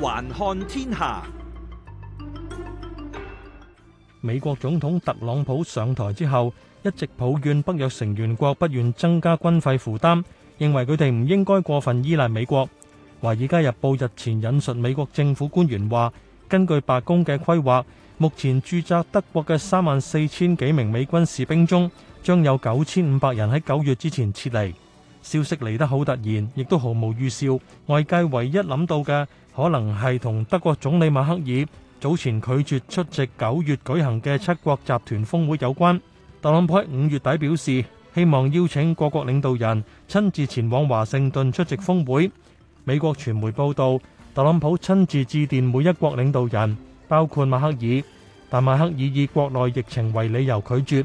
環看天下，美國總統特朗普上台之後，一直抱怨北約成員國不願增加軍費負擔，認為佢哋唔應該過分依賴美國。華爾街日報日前引述美國政府官員話，根據白宮嘅規劃，目前駐紮德國嘅三萬四千幾名美軍士兵中，將有九千五百人喺九月之前撤離。消息嚟得好突然，亦都毫無預兆。外界唯一諗到嘅，可能係同德國總理馬克爾早前拒絕出席九月舉行嘅七國集團峰會有關。特朗普喺五月底表示，希望邀請各國領導人親自前往華盛頓出席峰會。美國傳媒報道，特朗普親自致電每一國領導人，包括馬克爾，但馬克爾以國內疫情為理由拒絕。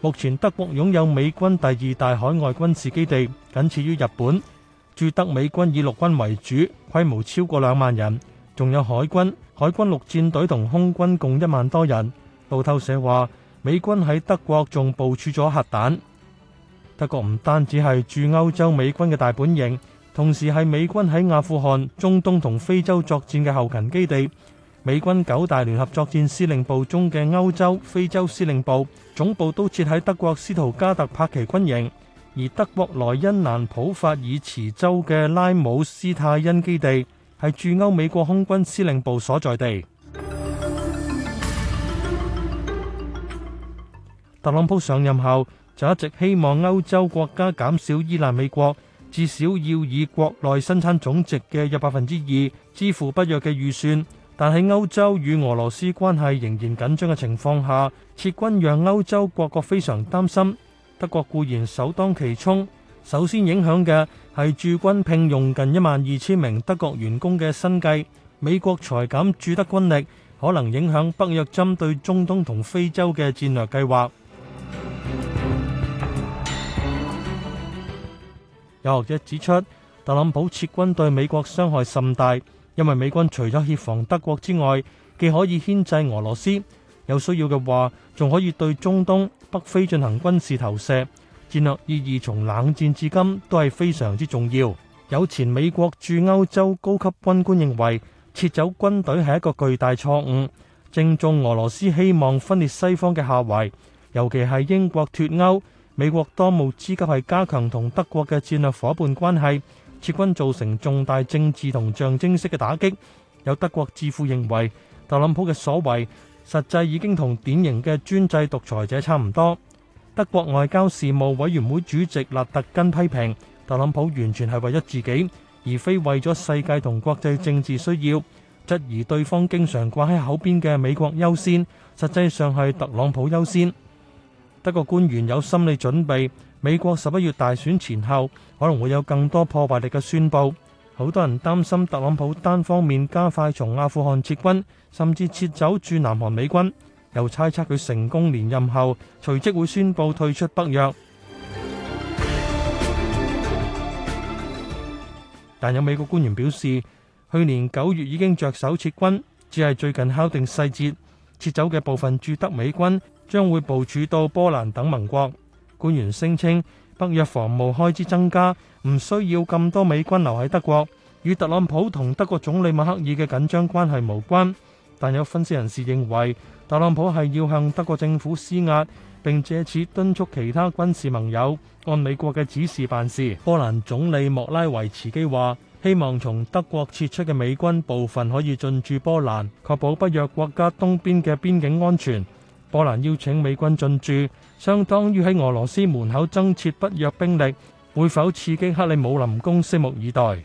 目前德國擁有美軍第二大海外軍事基地，僅次於日本。駐德美軍以陸軍為主，規模超過兩萬人，仲有海軍、海軍陸戰隊同空軍共一萬多人。路透社話，美軍喺德國仲部署咗核彈，德國唔單止係駐歐洲美軍嘅大本營，同時係美軍喺阿富汗、中東同非洲作戰嘅後勤基地。美軍九大聯合作戰司令部中嘅歐洲、非洲司令部總部都設喺德國斯圖加特帕奇軍營，而德國萊茵蘭普法爾茨州嘅拉姆斯泰因基地係駐歐美國空軍司令部所在地。特朗普上任後就一直希望歐洲國家減少依賴美國，至少要以國內生產總值嘅約百分之二支付北約嘅預算。但喺歐洲與俄羅斯關係仍然緊張嘅情況下，撤軍讓歐洲各國非常擔心。德國固然首當其衝，首先影響嘅係駐軍聘用近一萬二千名德國員工嘅生計。美國裁減駐德軍力，可能影響北約針對中東同非洲嘅戰略計劃。有學者指出，特朗普撤軍對美國傷害甚大。因為美軍除咗協防德國之外，既可以牽制俄羅斯，有需要嘅話，仲可以對中東、北非進行軍事投射，戰略意義從冷戰至今都係非常之重要。有前美國駐歐洲高級軍官認為，撤走軍隊係一個巨大錯誤，正中俄羅斯希望分裂西方嘅下懷。尤其係英國脫歐，美國當務之急係加強同德國嘅戰略夥伴關係。撤軍造成重大政治同象徵式嘅打擊，有德國智庫認為特朗普嘅所為實際已經同典型嘅專制獨裁者差唔多。德國外交事務委員會主席納特根批評特朗普完全係為咗自己，而非為咗世界同國際政治需要，質疑對方經常掛喺口邊嘅美國優先，實際上係特朗普優先。一個官員有心理準備，美國十一月大選前後可能會有更多破壞力嘅宣布。好多人擔心特朗普單方面加快從阿富汗撤軍，甚至撤走駐南韓美軍。又猜測佢成功連任後，隨即會宣布退出北約。但有美國官員表示，去年九月已經着手撤軍，只係最近敲定細節，撤走嘅部分駐德美軍。將會部署到波蘭等盟國。官員聲稱，北約防務開支增加，唔需要咁多美軍留喺德國，與特朗普同德國總理默克爾嘅緊張關係無關。但有分析人士認為，特朗普係要向德國政府施壓，並借此敦促其他軍事盟友按美國嘅指示辦事。波蘭總理莫拉維茨基話，希望從德國撤出嘅美軍部分可以進駐波蘭，確保北約國家東邊嘅邊境安全。波蘭邀請美軍進駐，相當於喺俄羅斯門口增設北約兵力，會否刺激克里姆林宮？拭目以待。